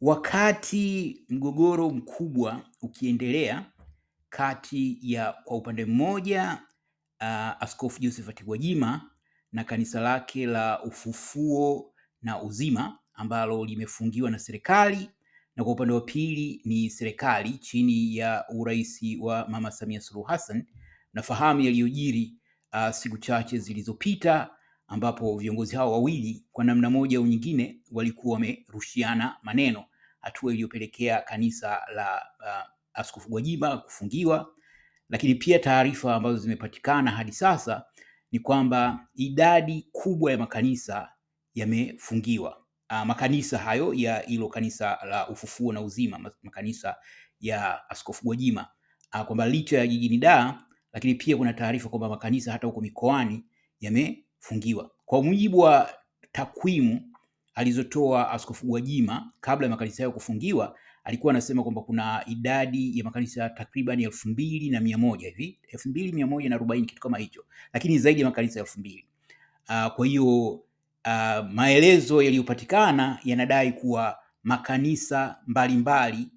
Wakati mgogoro mkubwa ukiendelea kati ya kwa upande mmoja uh, Askofu Josephat Gwajima na kanisa lake la Ufufuo na Uzima ambalo limefungiwa na serikali na kwa upande wa pili ni serikali chini ya urais wa Mama Samia Suluhu Hassan. Nafahamu yaliyojiri uh, siku chache zilizopita ambapo viongozi hao wawili kwa namna moja au nyingine walikuwa wamerushiana maneno, hatua iliyopelekea kanisa la uh, Askofu Gwajima kufungiwa. Lakini pia taarifa ambazo zimepatikana hadi sasa ni kwamba idadi kubwa ya makanisa yamefungiwa. Uh, makanisa hayo ya hilo kanisa la Ufufuo na Uzima, makanisa ya Askofu Gwajima uh, kwamba licha ya jijini Dar, lakini pia kuna taarifa kwamba makanisa hata huko mikoani yame kufungiwa. Kwa mujibu wa takwimu alizotoa Askofu Gwajima kabla ya makanisa hayo kufungiwa, alikuwa anasema kwamba kuna idadi ya makanisa takriban elfu mbili na mia moja hivi elfu mbili mia moja na arobaini kitu kama hicho, lakini zaidi ya makanisa elfu mbili. Uh, kwa hiyo uh, maelezo yaliyopatikana yanadai kuwa makanisa mbalimbali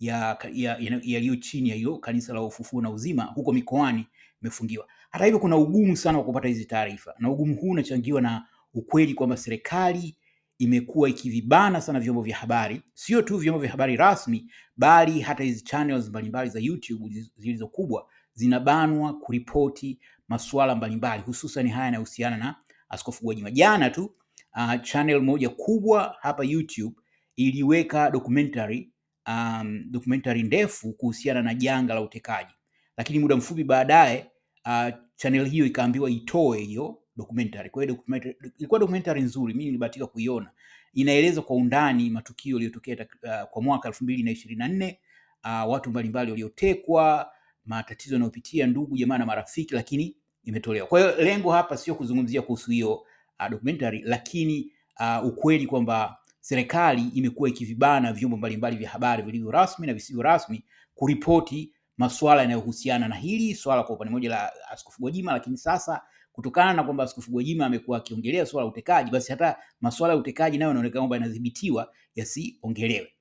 yaliyo ya, ya, ya chini ya hiyo Kanisa la Ufufuo na Uzima huko mikoani imefungiwa. Hata hivyo, kuna ugumu sana wa kupata hizi taarifa, na ugumu huu unachangiwa na ukweli kwamba serikali imekuwa ikivibana sana vyombo vya habari, sio tu vyombo vya habari rasmi, bali hata hizi channels mbalimbali za YouTube zilizo kubwa zinabanwa kuripoti masuala mbalimbali, hususan haya yanayohusiana na Askofu Gwajima. Jana tu uh, channel moja kubwa hapa YouTube iliweka documentary, um, documentary ndefu kuhusiana na janga la utekaji lakini muda mfupi baadaye uh, channel hiyo ikaambiwa itoe hiyo documentary. Kwa hiyo documentary ilikuwa documentary nzuri, mimi nilibahatika kuiona. Inaeleza kwa undani matukio yaliyotokea uh, kwa mwaka elfu mbili na ishirini na nne uh, watu mbalimbali waliotekwa, matatizo yanayopitia ndugu jamaa na marafiki, lakini imetolewa. Kwa hiyo lengo hapa sio kuzungumzia kuhusu hiyo uh, documentary, lakini uh, ukweli kwamba serikali imekuwa ikivibana vyombo mbalimbali vya habari vilivyo rasmi na visivyo rasmi kuripoti masuala yanayohusiana na hili swala kwa upande mmoja la Askofu Gwajima, lakini sasa kutokana na kwamba Askofu Gwajima amekuwa akiongelea swala la utekaji, basi hata masuala ya utekaji nayo yanaonekana kwamba yanadhibitiwa yasiongelewe.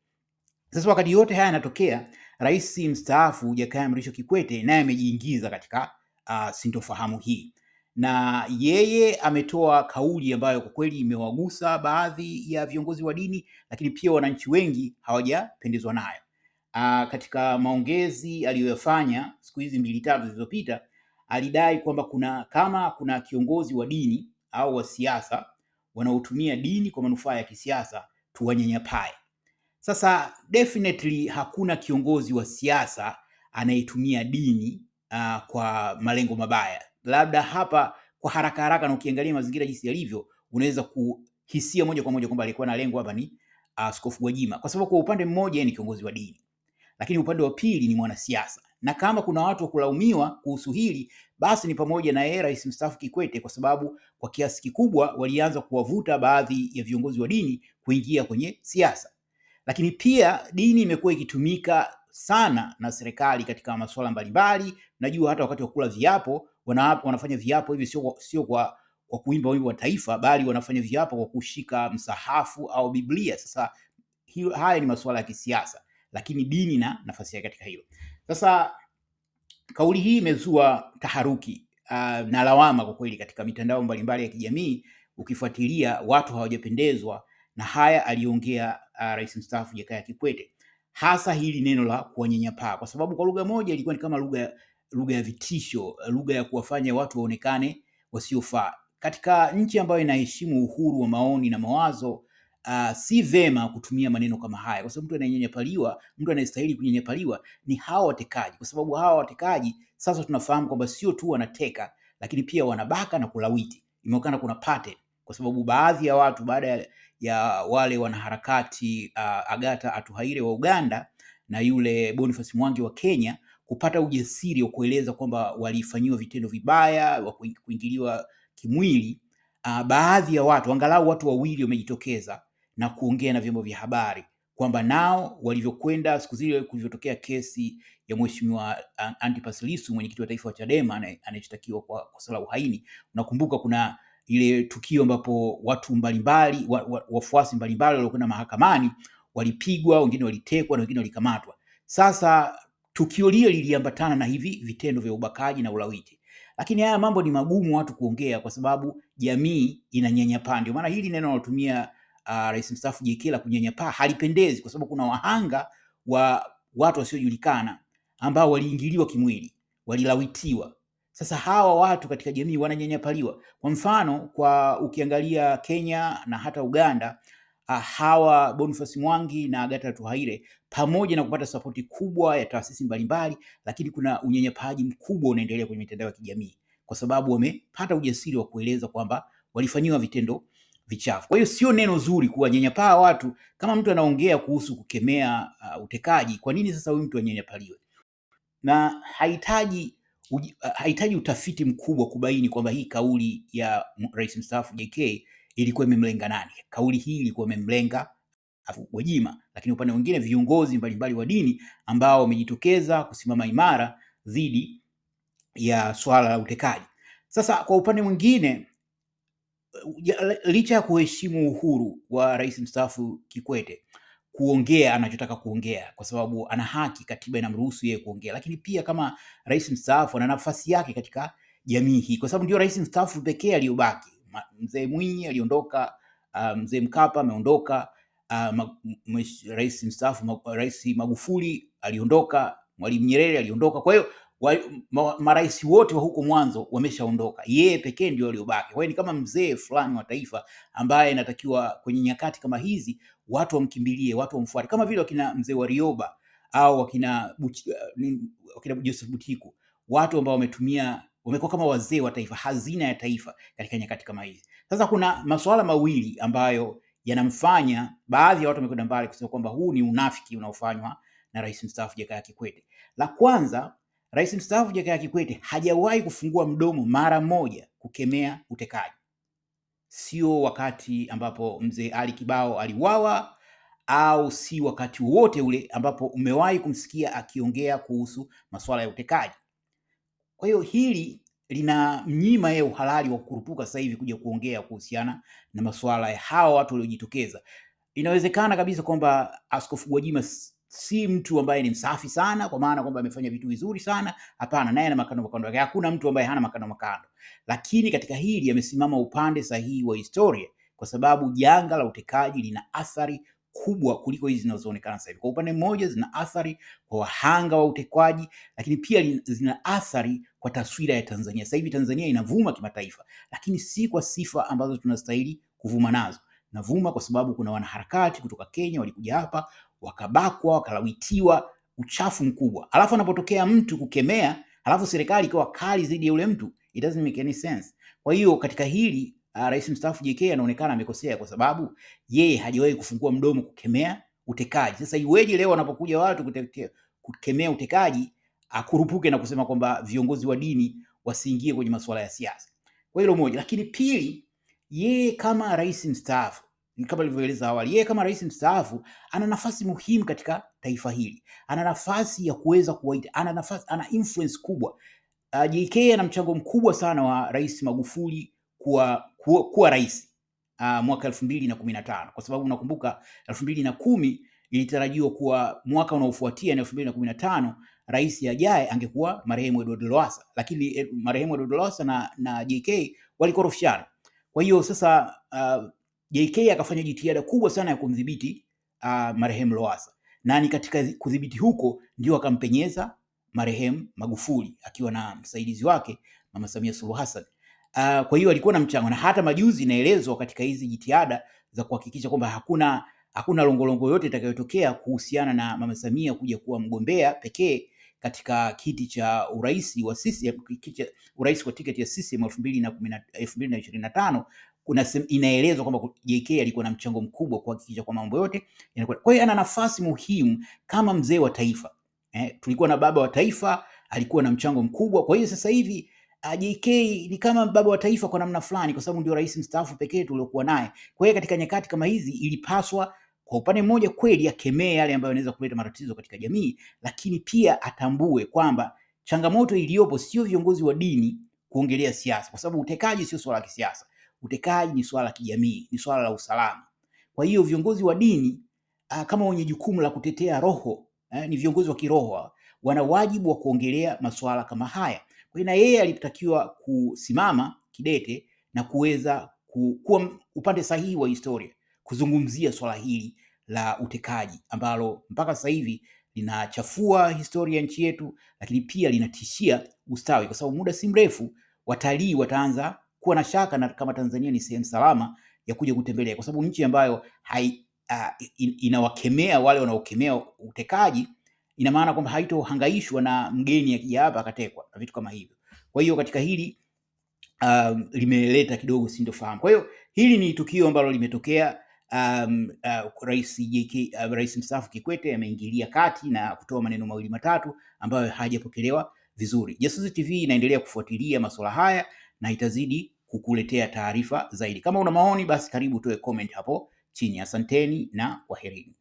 Sasa wakati yote haya yanatokea, rais mstaafu Jakaya Mrisho Kikwete naye amejiingiza katika uh, sintofahamu hii, na yeye ametoa kauli ambayo kwa kweli imewagusa baadhi ya viongozi wa dini, lakini pia wananchi wengi hawajapendezwa nayo uh, katika maongezi aliyoyafanya siku hizi mbili tatu zilizopita, alidai kwamba kuna kama kuna kiongozi wa dini au wa siasa wanaotumia dini kwa manufaa ya kisiasa tuwanyanyapae. Sasa definitely hakuna kiongozi wa siasa anayetumia dini uh, kwa malengo mabaya. Labda hapa kwa haraka haraka, na ukiangalia mazingira jinsi yalivyo, unaweza kuhisia moja kwa moja kwamba alikuwa na lengo hapa ni ah, askofu uh, Gwajima, kwa sababu kwa upande mmoja ni kiongozi wa dini, lakini upande wa pili ni mwanasiasa, na kama kuna watu wa kulaumiwa kuhusu hili basi ni pamoja na yeye rais mstaafu Kikwete, kwa sababu kwa kiasi kikubwa walianza kuwavuta baadhi ya viongozi wa dini kuingia kwenye siasa. Lakini pia dini imekuwa ikitumika sana na serikali katika masuala mbalimbali. Najua hata wakati wa kula viapo wanaapo, wanafanya viapo hivi sio, sio kwa, kwa kuimba wimbo wa taifa, bali wanafanya viapo kwa kushika msahafu au Biblia. Sasa hiyo, haya ni masuala ya kisiasa lakini dini na nafasi yake katika hilo. Sasa kauli hii imezua taharuki uh, na lawama kwa kweli katika mitandao mbalimbali ya kijamii. Ukifuatilia watu hawajapendezwa na haya aliongea uh, rais mstaafu Jakaya Kikwete, hasa hili neno la kuwanyanyapaa, kwa sababu kwa lugha moja ilikuwa ni kama lugha lugha ya vitisho, lugha ya kuwafanya watu waonekane wasiofaa. Katika nchi ambayo inaheshimu uhuru wa maoni na mawazo, uh, si vema kutumia maneno kama haya, kwa sababu mtu anayenyanyapaliwa, mtu anayestahili kunyanyapaliwa ni hawa watekaji, kwa sababu hawa watekaji sasa tunafahamu kwamba sio tu wanateka, lakini pia wanabaka na kulawiti. Imeonekana kuna pattern, kwa sababu baadhi ya watu baada ya wale wanaharakati uh, Agatha Atuhaire wa Uganda na yule Boniface Mwangi wa Kenya kupata ujasiri wa kueleza kwamba walifanyiwa vitendo vibaya wa kuingiliwa kimwili, uh, baadhi ya watu angalau watu wawili wamejitokeza na kuongea na vyombo vya habari kwamba nao walivyokwenda siku zile kulivyotokea kesi ya mheshimiwa Antipas Lissu mwenyekiti wa taifa wa Chadema anayeshtakiwa kwa kosa la uhaini. Unakumbuka kuna ile tukio ambapo watu mbalimbali wa, wa, wafuasi mbalimbali waliokwenda mahakamani walipigwa, wengine walitekwa na wengine walikamatwa. Sasa tukio lile liliambatana na hivi vitendo vya ubakaji na ulawiti, lakini haya mambo ni magumu watu kuongea kwa sababu jamii inanyanyapaa. Ndio maana hili neno natumia uh, rais mstaafu Jekela kunyanyapaa halipendezi, kwa sababu kuna wahanga wa watu wasiojulikana ambao waliingiliwa kimwili, walilawitiwa. Sasa hawa watu katika jamii wananyanyapaliwa. Kwa mfano, kwa ukiangalia Kenya na hata Uganda uh, hawa Boniface Mwangi na Agatha Tuhaire pamoja na kupata sapoti kubwa ya taasisi mbalimbali, lakini kuna unyanyapaji mkubwa unaendelea kwenye mitandao ya kijamii, kwa sababu wamepata ujasiri wa kueleza kwamba walifanyiwa vitendo vichafu. Kwa hiyo sio neno zuri kuwanyanyapaa watu. Kama mtu anaongea kuhusu kukemea uh, utekaji, kwa nini sasa huyu mtu anyanyapaliwe? Na hahitaji uh, hahitaji utafiti mkubwa kubaini kwamba hii kauli ya rais mstaafu JK ilikuwa imemlenga nani. Kauli hii ilikuwa imemlenga Gwajima, lakini upande mwingine viongozi mbalimbali wa dini ambao wamejitokeza kusimama imara dhidi ya swala la utekaji. Sasa kwa upande mwingine licha ya kuheshimu uhuru wa rais mstaafu Kikwete kuongea anachotaka kuongea, kwa sababu ana haki, katiba inamruhusu yeye kuongea, lakini pia kama rais mstaafu ana nafasi yake katika jamii hii, kwa sababu ndio rais mstaafu pekee aliyobaki. Mzee Mwinyi aliondoka, uh, mzee Mkapa ameondoka, uh, rais mstaafu, rais Magufuli aliondoka, Mwalimu Nyerere aliondoka, kwa hiyo marais wote wa huko mwanzo wameshaondoka, yeye pekee ndio aliyobaki. Kwa hiyo ni kama mzee fulani wa taifa ambaye inatakiwa kwenye nyakati kama hizi watu wamkimbilie, watu wamfuate, kama vile wakina mzee Warioba au wakina eh, wakina Joseph Butiku, watu ambao wametumia wamekuwa kama wazee wa taifa, hazina ya taifa katika nyakati kama hizi. Sasa kuna masuala mawili ambayo yanamfanya baadhi ya watu wamekwenda mbali kusema kwamba huu ni unafiki unaofanywa na rais mstaafu Jakaya Kikwete. La kwanza Rais mstaafu Jakaya Kikwete hajawahi kufungua mdomo mara moja kukemea utekaji, sio wakati ambapo mzee Ali Kibao aliwawa au si wakati wote ule ambapo umewahi kumsikia akiongea kuhusu masuala ya utekaji. Kwa hiyo hili lina mnyima yeye uhalali wa kukurupuka sasa hivi kuja kuongea kuhusiana na masuala ya hawa watu waliojitokeza. Inawezekana kabisa kwamba Askofu Gwajima si mtu ambaye ni msafi sana, kwa maana kwamba amefanya vitu vizuri sana. Hapana, naye ana makando makando yake. Hakuna mtu ambaye hana makando makando, lakini katika hili amesimama upande sahihi wa historia, kwa sababu janga la utekaji lina athari kubwa kuliko hizi zinazoonekana sasa hivi. Kwa upande mmoja, zina athari kwa wahanga wa utekwaji, lakini pia zina athari kwa taswira ya Tanzania. Sasa hivi Tanzania inavuma kimataifa, lakini si kwa sifa ambazo tunastahili kuvuma nazo. Navuma kwa sababu kuna wanaharakati kutoka Kenya walikuja hapa wakabakwa, wakalawitiwa, uchafu mkubwa. Alafu anapotokea mtu kukemea, alafu serikali ikiwa kali zaidi ya ule mtu, it doesn't make any sense. Kwa hiyo katika hili uh, rais mstaafu JK anaonekana amekosea, kwa sababu yeye hajawahi kufungua mdomo kukemea utekaji. Sasa iweje leo wanapokuja watu kukemea utekaji akurupuke na kusema kwamba viongozi wa dini wasiingie kwenye masuala ya siasa? Kwa hilo moja, lakini pili, yeye kama rais mstaafu kama nilivyoeleza awali, yeye kama rais mstaafu ana nafasi muhimu katika taifa hili, ana nafasi ya kuweza kuwaita, ana nafasi, ana influence kubwa. Uh, ah, JK ana mchango mkubwa sana wa Rais Magufuli kuwa, kuwa, kuwa rais uh, mwaka elfu mbili na kumi na tano kwa sababu unakumbuka elfu mbili na kumi ilitarajiwa kuwa mwaka unaofuatia ni elfu mbili na kumi na tano rais ajaye angekuwa marehemu Edward Lowassa, lakini eh, marehemu Edward Lowassa na, na JK walikuwa Kwa hiyo sasa uh, JK akafanya jitihada kubwa sana ya kumdhibiti uh, marehemu Lowassa na ni katika kudhibiti huko ndio akampenyeza marehemu Magufuli akiwa na msaidizi wake Mama Samia Suluhu Hassan. Uh, kwa hiyo alikuwa na mchango na hata majuzi inaelezwa katika hizi jitihada za kuhakikisha kwamba hakuna hakuna longolongo yote itakayotokea kuhusiana na Mama Samia kuja kuwa mgombea pekee katika kiti cha urais wa CCM, kiti cha urais kwa tiketi ya CCM elfu mbili na ishirini na tano inaelezwa kwamba JK alikuwa na mchango mkubwa kuhakikisha kwa mambo yote Kwa hiyo ana nafasi muhimu kama mzee wa taifa eh, tulikuwa na baba wa taifa alikuwa na mchango mkubwa. Kwa hiyo sasa hivi ah, JK ni kama baba wa taifa kwa namna fulani, kwa sababu ndio rais mstaafu pekee tuliokuwa naye. Kwa hiyo katika nyakati kama hizi ilipaswa kwa upande mmoja kweli akemee yale ambayo yanaweza kuleta matatizo katika jamii, lakini pia atambue kwamba changamoto iliyopo sio viongozi wa dini kuongelea siasa, kwa sababu utekaji sio swala la kisiasa utekaji ni swala la kijamii, ni swala la usalama. Kwa hiyo viongozi wa dini uh, kama wenye jukumu la kutetea roho eh, ni viongozi wa kiroho, wana wajibu wa kuongelea masuala kama haya. Kwa hiyo na yeye alitakiwa kusimama kidete na kuweza kuwa upande sahihi wa historia kuzungumzia swala hili la utekaji ambalo mpaka sasa hivi linachafua historia ya nchi yetu, lakini pia linatishia ustawi, kwa sababu muda si mrefu watalii wataanza kuwa na shaka na kama Tanzania ni sehemu salama ya kuja kutembelea, kwa sababu nchi ambayo hai, uh, in, inawakemea wale wanaokemea utekaji ina maana kwamba haitohangaishwa na mgeni akija hapa akatekwa na vitu kama hivyo. Kwa hiyo katika hili um, limeleta kidogo sintofahamu. Kwa hiyo hili ni tukio ambalo limetokea. Um, uh, Rais JK, uh, Rais mstaafu Kikwete ameingilia kati na kutoa maneno mawili matatu ambayo hajapokelewa vizuri. Jasusi TV inaendelea kufuatilia masuala haya na itazidi kukuletea taarifa zaidi. Kama una maoni, basi karibu tuwe comment hapo chini. Asanteni na kwaherini.